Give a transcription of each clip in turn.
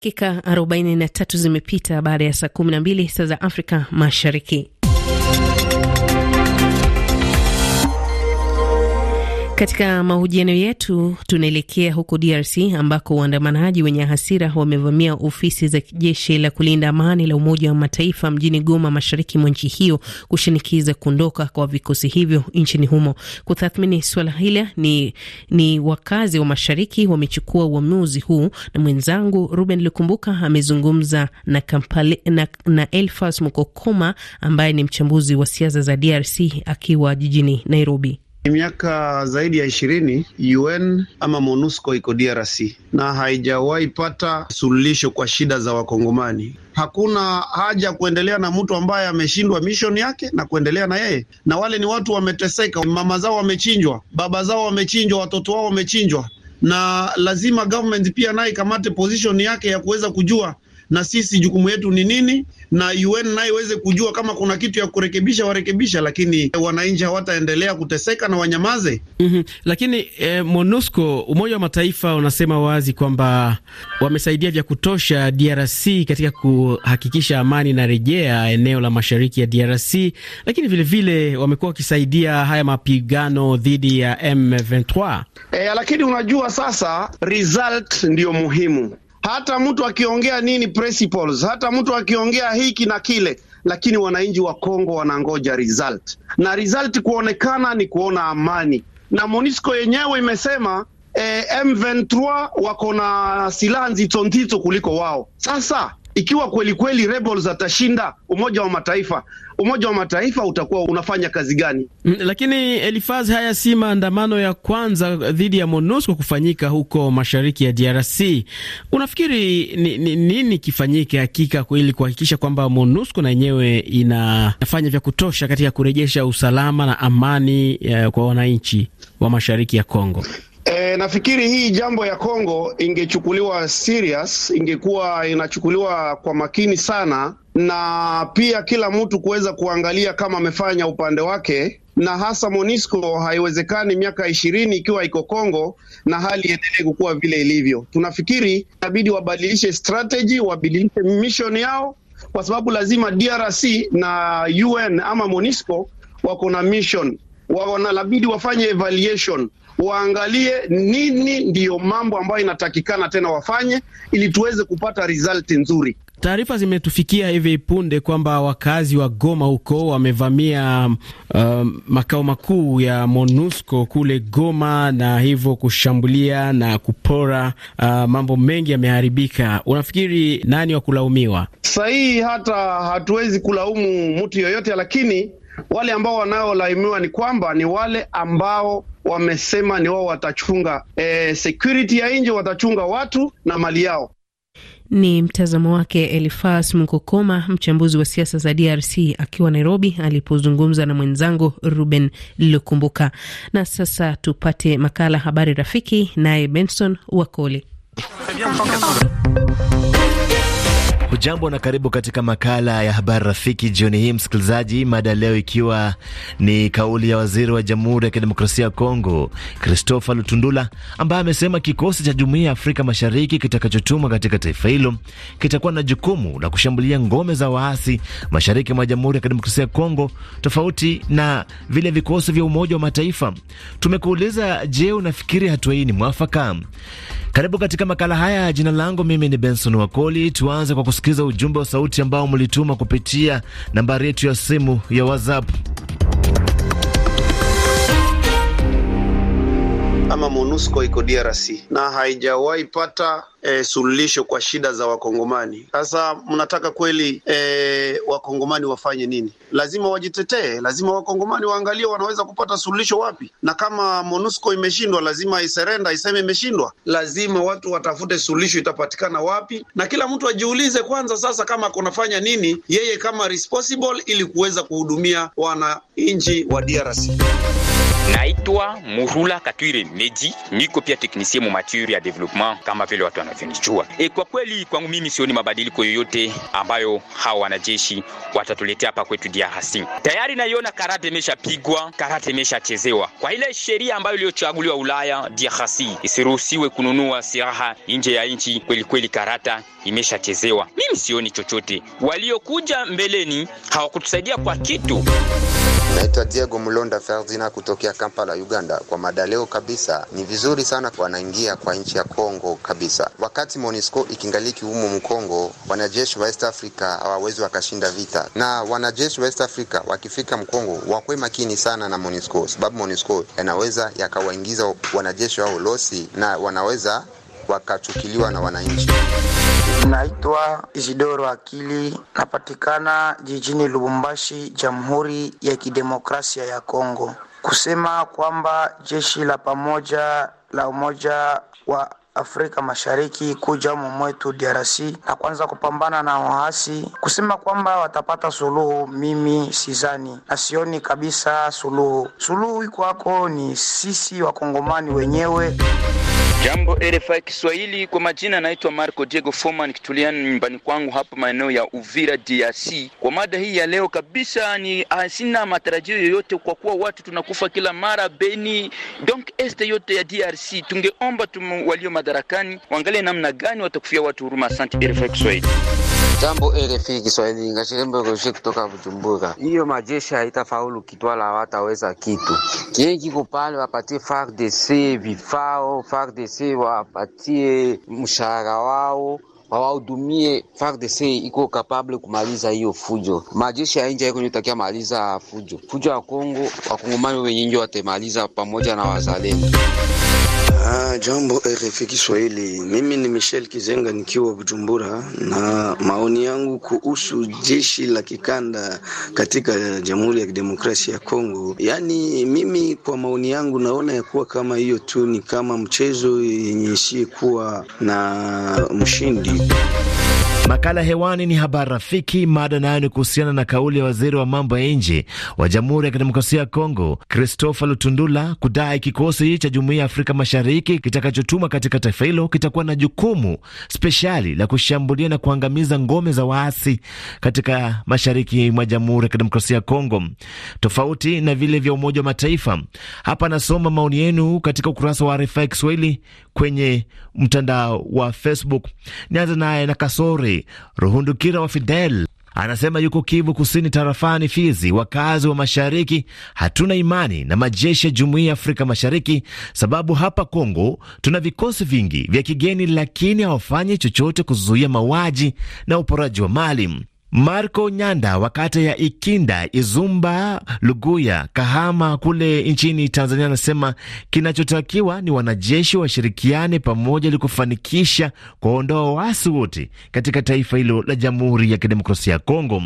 Dakika 43 zimepita baada ya saa 12 saa za Afrika Mashariki. Katika mahojiano yetu tunaelekea huko DRC ambako waandamanaji wenye hasira wamevamia ofisi za jeshi la kulinda amani la Umoja wa Mataifa mjini Goma, mashariki mwa nchi hiyo, kushinikiza kuondoka kwa vikosi hivyo nchini humo. Kutathmini suala hili ni, ni wakazi wa mashariki wamechukua uamuzi huu, na mwenzangu Ruben Lukumbuka amezungumza na, na, na Elfas Mukokoma ambaye ni mchambuzi wa siasa za DRC akiwa jijini Nairobi miaka zaidi ya ishirini UN ama MONUSCO iko DRC na haijawahi pata suluhisho kwa shida za Wakongomani. Hakuna haja kuendelea na mtu ambaye ameshindwa mission yake na kuendelea na yeye, na wale ni watu wameteseka, mama zao wamechinjwa, baba zao wamechinjwa, watoto wao wamechinjwa, na lazima government pia naye ikamate position yake ya kuweza kujua na sisi jukumu yetu ni nini na UN naye iweze kujua kama kuna kitu ya kurekebisha warekebisha, lakini wananchi hawataendelea kuteseka na wanyamaze. mm -hmm. Lakini eh, MONUSCO Umoja wa Mataifa unasema wazi kwamba wamesaidia vya kutosha DRC katika kuhakikisha amani inarejea eneo la mashariki ya DRC, lakini vilevile wamekuwa wakisaidia haya mapigano dhidi ya M23. Eh, lakini unajua sasa result ndiyo muhimu hata mtu akiongea nini principles, hata mtu akiongea hiki na kile, lakini wananchi wa Kongo wanangoja result, na result kuonekana ni kuona amani, na Monisco yenyewe imesema eh, M23 wako na silaha nzito nzito kuliko wao sasa ikiwa kweli kweli rebels atashinda Umoja wa Mataifa, Umoja wa Mataifa utakuwa unafanya kazi gani? Mm, lakini Elifaz, haya si maandamano ya kwanza dhidi ya MONUSCO kufanyika huko mashariki ya DRC. Unafikiri nini ni, nini kifanyike hakika ili kuhakikisha kwamba MONUSCO na yenyewe inafanya vya kutosha katika kurejesha usalama na amani ya, eh, kwa wananchi wa mashariki ya Kongo? E, nafikiri hii jambo ya Kongo ingechukuliwa serious, ingekuwa inachukuliwa kwa makini sana, na pia kila mtu kuweza kuangalia kama amefanya upande wake, na hasa Monisco haiwezekani miaka ishirini ikiwa iko Kongo na hali iendelee kukuwa vile ilivyo. Tunafikiri inabidi wabadilishe strategy, wabadilishe mission yao, kwa sababu lazima DRC na UN ama Monisco wako na mission wanalabidi wafanye evaluation waangalie nini ndiyo mambo ambayo inatakikana tena wafanye ili tuweze kupata result nzuri. Taarifa zimetufikia hivi punde kwamba wakazi wa Goma huko wamevamia um, makao makuu ya MONUSCO kule Goma na hivyo kushambulia na kupora. Uh, mambo mengi yameharibika. Unafikiri nani wa kulaumiwa? Sahihi, hata hatuwezi kulaumu mtu yoyote, lakini wale ambao wanaolaimiwa ni kwamba ni wale ambao wamesema ni wao watachunga e, security ya nje, watachunga watu na mali yao. Ni mtazamo wake Elifas Mkokoma, mchambuzi wa siasa za DRC akiwa Nairobi alipozungumza na mwenzangu Ruben Lukumbuka. Na sasa tupate makala Habari Rafiki, naye Benson Wakoli. Hujambo na karibu katika makala ya habari rafiki jioni hii msikilizaji, mada leo ikiwa ni kauli ya waziri wa Jamhuri ya Kidemokrasia ya Kongo Christopher Lutundula ambaye amesema kikosi cha Jumuiya ya Afrika Mashariki kitakachotumwa katika taifa hilo kitakuwa na jukumu la kushambulia ngome za waasi mashariki mwa Jamhuri ya Kidemokrasia ya Kongo, tofauti na vile vikosi vya Umoja wa Mataifa. Tumekuuliza, je, unafikiri hatua hii ni mwafaka? Karibu katika makala haya. Jina langu mimi ni Benson Wakoli. Tuanze kwa kusikiliza ujumbe wa sauti ambao mlituma kupitia nambari yetu ya simu ya WhatsApp. ama MONUSCO iko DRC na haijawahi pata e, suluhisho kwa shida za Wakongomani. Sasa mnataka kweli e, Wakongomani wafanye nini? Lazima wajitetee, lazima Wakongomani waangalie wanaweza kupata suluhisho wapi, na kama MONUSCO imeshindwa, lazima iserenda, iseme imeshindwa. Lazima watu watafute suluhisho itapatikana wapi, na kila mtu ajiulize kwanza, sasa kama kunafanya nini yeye kama responsible ili kuweza kuhudumia wananchi wa DRC. Naitwa Murula Katwire Meji, niko pia teknisie mumaturi ya development kama vile watu wanavyonijua. E, kwa kweli kwangu mimi sioni mabadiliko yoyote ambayo hawa wanajeshi watatuletea hapa kwetu DRC. Tayari naiona karate imeshapigwa, karate imeshachezewa kwa ile sheria ambayo iliyochaguliwa Ulaya. DRC isiruhusiwe kununua silaha nje ya nchi. Kweli kweli karata imeshachezewa, mimi sioni chochote. Waliokuja mbeleni hawakutusaidia kwa kitu. Naitwa Diego Mlonda ferdina kutokea Kampala, Uganda. Kwa mada leo kabisa, ni vizuri sana wanaingia kwa nchi ya Kongo kabisa, wakati MONUSCO ikingaliki humo Mkongo, wanajeshi wa West Africa hawawezi wakashinda vita, na wanajeshi wa West Africa wakifika Mkongo wakwe makini sana na MONUSCO, sababu MONUSCO yanaweza yakawaingiza wanajeshi wao losi na wanaweza wakachukiliwa na wananchi. Naitwa Isidoro Akili, napatikana jijini Lubumbashi, Jamhuri ya Kidemokrasia ya Kongo. Kusema kwamba jeshi la pamoja la Umoja wa Afrika Mashariki kuja humu mwetu DRC na kuanza kupambana na waasi. Kusema kwamba watapata suluhu, mimi sizani na sioni kabisa suluhu. Suluhu iko hapo, ni sisi wakongomani wenyewe. Jambo RFI Kiswahili, kwa majina naitwa Marco Diego Foma, nikitulia nyumbani kwangu hapa maeneo ya Uvira DRC. Kwa mada hii ya leo kabisa, ni hasina ah, matarajio yoyote, kwa kuwa watu tunakufa kila mara Beni, donc este yote ya DRC. Tungeomba walio madarakani, waangalie namna gani watakufia watu huruma. Asante RFI Kiswahili. Jambo RFI Kiswahili, Ngashirembe Ngashirembegoshi kutoka Bujumbura. Hiyo majeshi haitafaulu kitwala, hawataweza kitu kile kupale, Wapatie FARDC vifao, FARDC wapatie mshahara wao wawahudumie FARDC iko kapable kumaliza hiyo fujo. Majeshi ya nje yako nitakia maliza fujo, fujo ya Kongo. Wakongomani wenyewe watemaliza pamoja na wazalendo. Ah, jambo RFI Kiswahili, mimi ni Michel Kizenga nikiwa Bujumbura, na maoni yangu kuhusu jeshi la kikanda katika Jamhuri ya Kidemokrasia ya Kongo, yaani mimi kwa maoni yangu naona ya kuwa kama hiyo tu ni kama mchezo yenye isiyekuwa na mshindi. Makala hewani ni habari rafiki. Mada nayo ni kuhusiana na kauli ya waziri wa mambo ya nje wa Jamhuri ya Kidemokrasia ya Kongo, Christopher Lutundula, kudai kikosi cha Jumuiya ya Afrika Mashariki kitakachotuma katika taifa hilo kitakuwa na jukumu speshali la kushambulia na kuangamiza ngome za waasi katika mashariki mwa Jamhuri ya Kidemokrasia ya Kongo, tofauti na vile vya Umoja wa Mataifa. Hapa anasoma maoni yenu katika ukurasa wa RFI Kiswahili kwenye mtandao wa Facebook. Nianze naye na Kasore Ruhundukira wa Fidel anasema yuko Kivu Kusini, tarafani Fizi. Wakazi wa mashariki hatuna imani na majeshi ya jumuiya ya Afrika Mashariki sababu hapa Kongo tuna vikosi vingi vya kigeni, lakini hawafanyi chochote kuzuia mauaji na uporaji wa mali. Marco Nyanda wa kata ya Ikinda, Izumba, Luguya, Kahama kule nchini Tanzania anasema kinachotakiwa ni wanajeshi washirikiane pamoja ili kufanikisha kuondoa waasi wote katika taifa hilo la Jamhuri ya Kidemokrasia ya Kongo.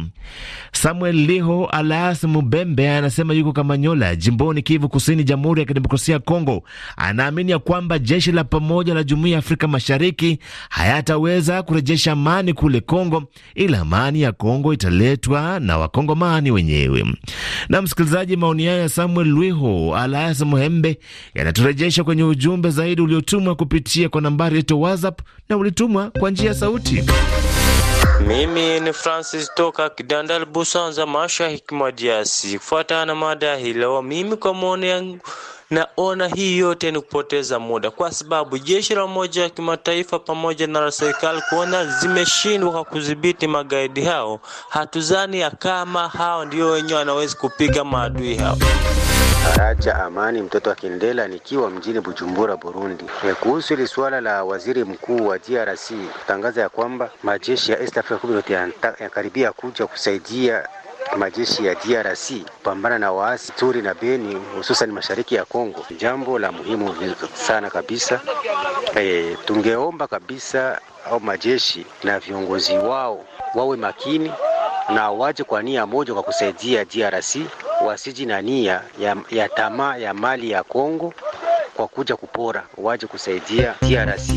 Samuel Liho Alas Mubembe anasema yuko Kamanyola, jimboni Kivu Kusini, Jamhuri ya Kidemokrasia ya Kongo. Anaamini ya kwamba jeshi la pamoja la Jumuiya ya Afrika Mashariki hayataweza kurejesha amani kule Kongo, ila amani ya Kongo italetwa na wakongomani wenyewe. Na msikilizaji, maoni hayo ya Samuel Lwiho Alias Muhembe yanaturejesha kwenye ujumbe zaidi uliotumwa kupitia kwa nambari yetu WhatsApp na ulitumwa kwa njia ya sauti. Mimi ni Francis toka Kidandal Busanza, Masha Hikima Diasi. Kufuatana na mada hilo mimi kwa maoni yangu Naona hii yote ni kupoteza muda, kwa sababu jeshi la Umoja wa Kimataifa pamoja na serikali kuona zimeshindwa kwa kudhibiti magaidi hao. Hatuzani ya kama hao ndio wenyewe wanaweza kupiga maadui hao. Aracha Amani mtoto wa Kindela nikiwa mjini Bujumbura, Burundi. E, kuhusu hili suala la waziri mkuu wa DRC kutangaza ya kwamba majeshi ya East Africa yanakaribia kuja kusaidia majeshi ya DRC kupambana na waasi Turi na Beni, hususan mashariki ya Kongo, jambo la muhimu sana kabisa. E, tungeomba kabisa au majeshi na viongozi wao wawe makini na waje kwa nia moja kwa kusaidia DRC, wasiji na nia ya, ya tamaa ya mali ya Kongo kwa kuja kupora, waje kusaidia DRC.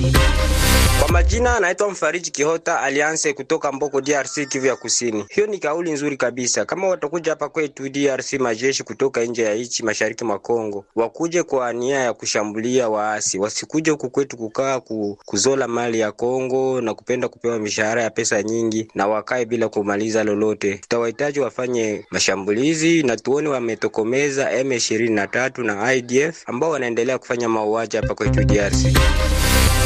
Kwa majina anaitwa Mfariji Kihota Alianse kutoka Mboko, DRC, Kivu ya Kusini. Hiyo ni kauli nzuri kabisa. Kama watakuja hapa kwetu DRC majeshi kutoka nje ya nchi, mashariki mwa Kongo, wakuje kwa nia ya kushambulia waasi, wasikuje huku kwetu kukaa kuzola mali ya Kongo na kupenda kupewa mishahara ya pesa nyingi na wakae bila kumaliza lolote. Tutawahitaji wafanye mashambulizi na tuone wametokomeza M23 na IDF ambao wanaendelea kufanya mauaji hapa kwetu DRC.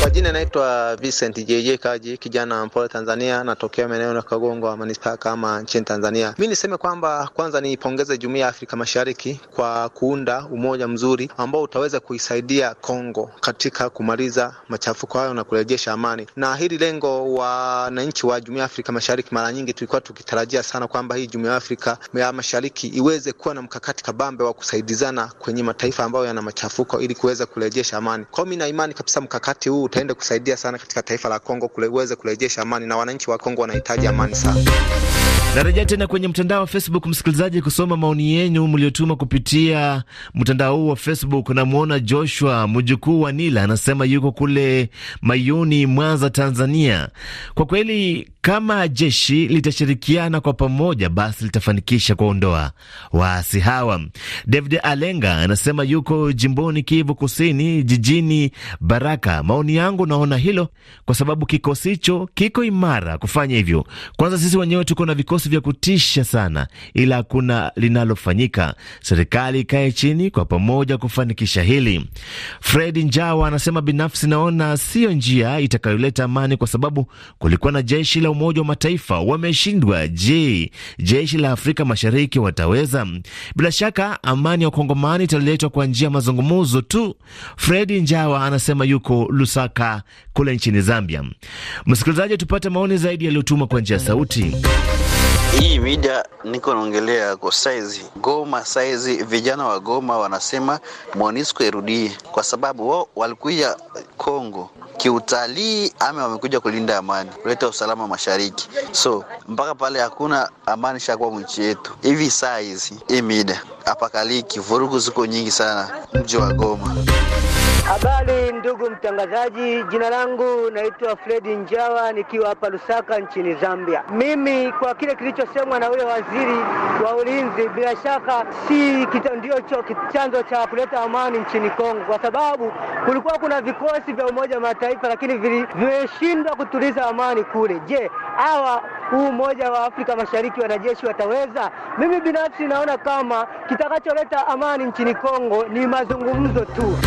Kwa jina naitwa Vincent JJ Kaji, kijana mpole Tanzania, natokea maeneo ya Kagongo wa manispaa kama nchini Tanzania. Mi niseme kwamba kwanza niipongeze Jumuiya ya Afrika Mashariki kwa kuunda umoja mzuri ambao utaweza kuisaidia Kongo katika kumaliza machafuko hayo na kurejesha amani, na hili lengo wananchi wa Jumuiya ya Afrika Mashariki mara nyingi tulikuwa tukitarajia sana kwamba hii Jumuiya ya Afrika ya Mashariki iweze kuwa na mkakati kabambe wa kusaidizana kwenye mataifa ambayo yana machafuko ili kuweza kurejesha amani. Kwa hiyo mi na imani kabisa mkakati huu utaenda kusaidia sana katika taifa la Kongo kuweze kurejesha amani, na wananchi wa Kongo wanahitaji amani sana. Narejea tena kwenye mtandao wa Facebook, msikilizaji, kusoma maoni yenu mliotuma kupitia mtandao huu wa Facebook. Namwona Joshua mjukuu wa Nila anasema yuko kule Mayuni, Mwanza, Tanzania. Kwa kweli kama jeshi litashirikiana kwa pamoja, basi litafanikisha kuondoa waasi hawa. David Alenga anasema yuko jimboni Kivu Kusini, jijini Baraka. Maoni yangu, naona hilo kwa sababu kikosi hicho kiko imara kufanya hivyo. Kwanza sisi wenyewe tuko na vikosi vya kutisha sana, ila hakuna linalofanyika. Serikali ikae chini kwa pamoja kufanikisha hili. Fred Njawa anasema binafsi, naona siyo njia itakayoleta amani, kwa sababu kulikuwa na jeshi la la Umoja wa Mataifa wameshindwa. Je, jeshi la Afrika Mashariki wataweza? Bila shaka amani ya Wakongomani italetwa kwa njia ya mazungumuzo tu. Fredi Njawa anasema yuko Lusaka kule nchini Zambia. Msikilizaji, tupate maoni zaidi yaliyotuma kwa njia ya sauti. Hii mida niko naongelea kwa saizi Goma, saizi vijana wa Goma wanasema monisco irudie, kwa sababu wao walikuja Kongo kiutalii ama wamekuja kulinda amani, kuleta usalama mashariki. So mpaka pale hakuna amani shakuwa mchi yetu. Hivi hizi, hii mida apakaliki vurugu ziko nyingi sana mji wa Goma. Habari ndugu mtangazaji, jina langu naitwa Fredi Njawa nikiwa hapa Lusaka nchini Zambia. Mimi kwa kile kilichosemwa na huyo waziri wa ulinzi, bila shaka si ndio chanzo cha kuleta amani nchini Kongo, kwa sababu kulikuwa kuna vikosi vya Umoja wa Mataifa lakini vimeshindwa kutuliza amani kule. Je, hawa huu Umoja wa Afrika Mashariki wanajeshi wataweza? Mimi binafsi naona kama kitakacholeta amani nchini Kongo ni mazungumzo tu.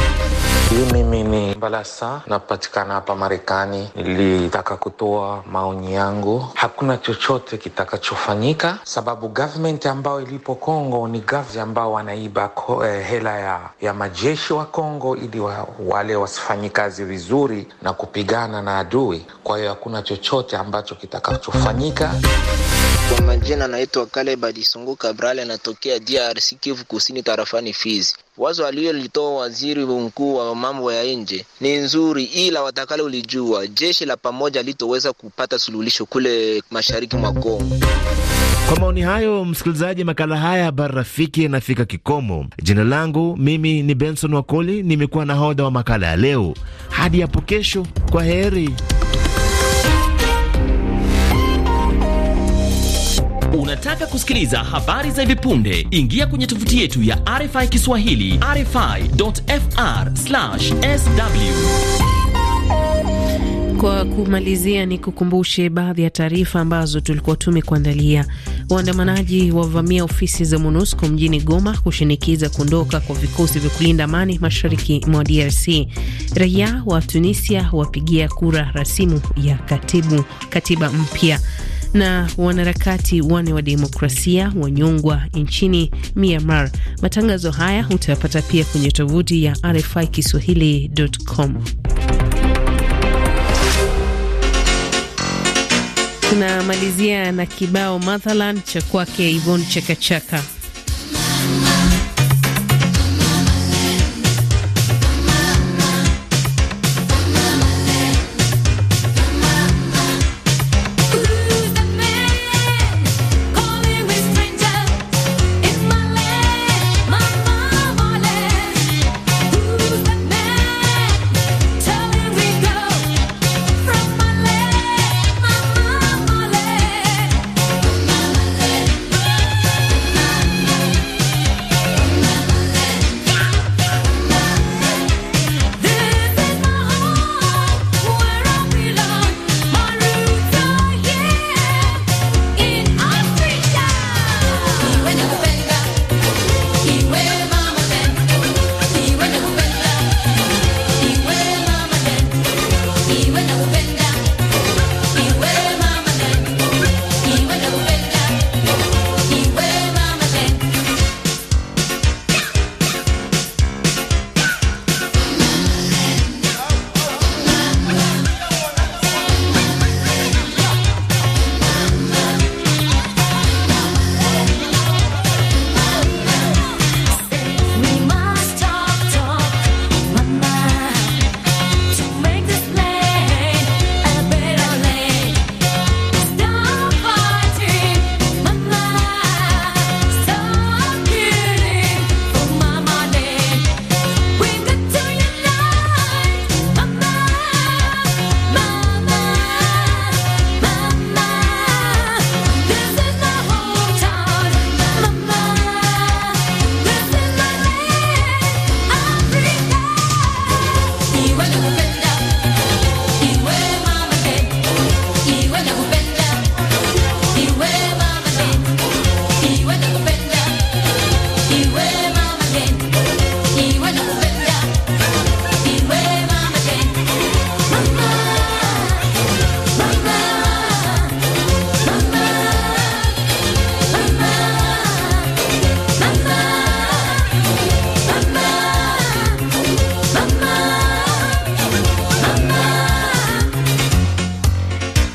Hii mimi ni Mbalasa, napatikana hapa Marekani. Nilitaka kutoa maoni yangu, hakuna chochote kitakachofanyika sababu government ambayo ilipo Kongo ni government ambao wanaiba ko, eh, hela ya, ya majeshi wa Kongo ili wa, wale wasifanyi kazi vizuri na kupigana na adui. Kwa hiyo hakuna chochote ambacho kitakachofanyika. Kwa majina naitwa Kale Adisungu Kabrale, natokea DRC Kivu Kusini, tarafani Fizi. Wazo aliyolitoa waziri mkuu wa mambo ya nje ni nzuri, ila watakalo ulijua jeshi la pamoja litoweza kupata suluhisho kule mashariki mwa Kongo. Kwa maoni hayo, msikilizaji, makala haya habari rafiki yanafika kikomo. Jina langu mimi ni Benson Wakoli, nimekuwa nahodha wa makala ya leo. Hadi hapo kesho, kwa heri. Unataka kusikiliza habari za hivi punde? Ingia kwenye tovuti yetu ya RFI Kiswahili, rfi.fr/sw. Kwa kumalizia ni kukumbushe baadhi ya taarifa ambazo tulikuwa tumekuandalia. Waandamanaji wavamia ofisi za MONUSCO mjini Goma kushinikiza kuondoka kwa vikosi vya kulinda amani mashariki mwa DRC. Raia wa Tunisia wapigia kura rasimu ya katibu katiba mpya. Na wanaharakati wane wa demokrasia wanyongwa nchini Myanmar. Matangazo haya utayapata pia kwenye tovuti ya RFI Kiswahili.com. Tunamalizia na kibao mathalan cha kwake Ivon chakachaka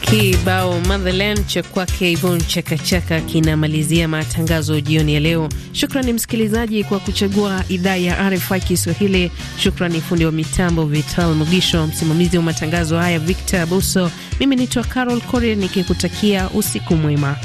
Kibao Motherland cha kwake Ivon Chakachaka kinamalizia matangazo jioni ya leo. Shukrani msikilizaji kwa kuchagua idhaa ya RFI Kiswahili. Shukrani fundi wa mitambo Vital Mugisho, msimamizi wa matangazo haya Victor abuso Mimi naitwa Carol core nikikutakia usiku mwema.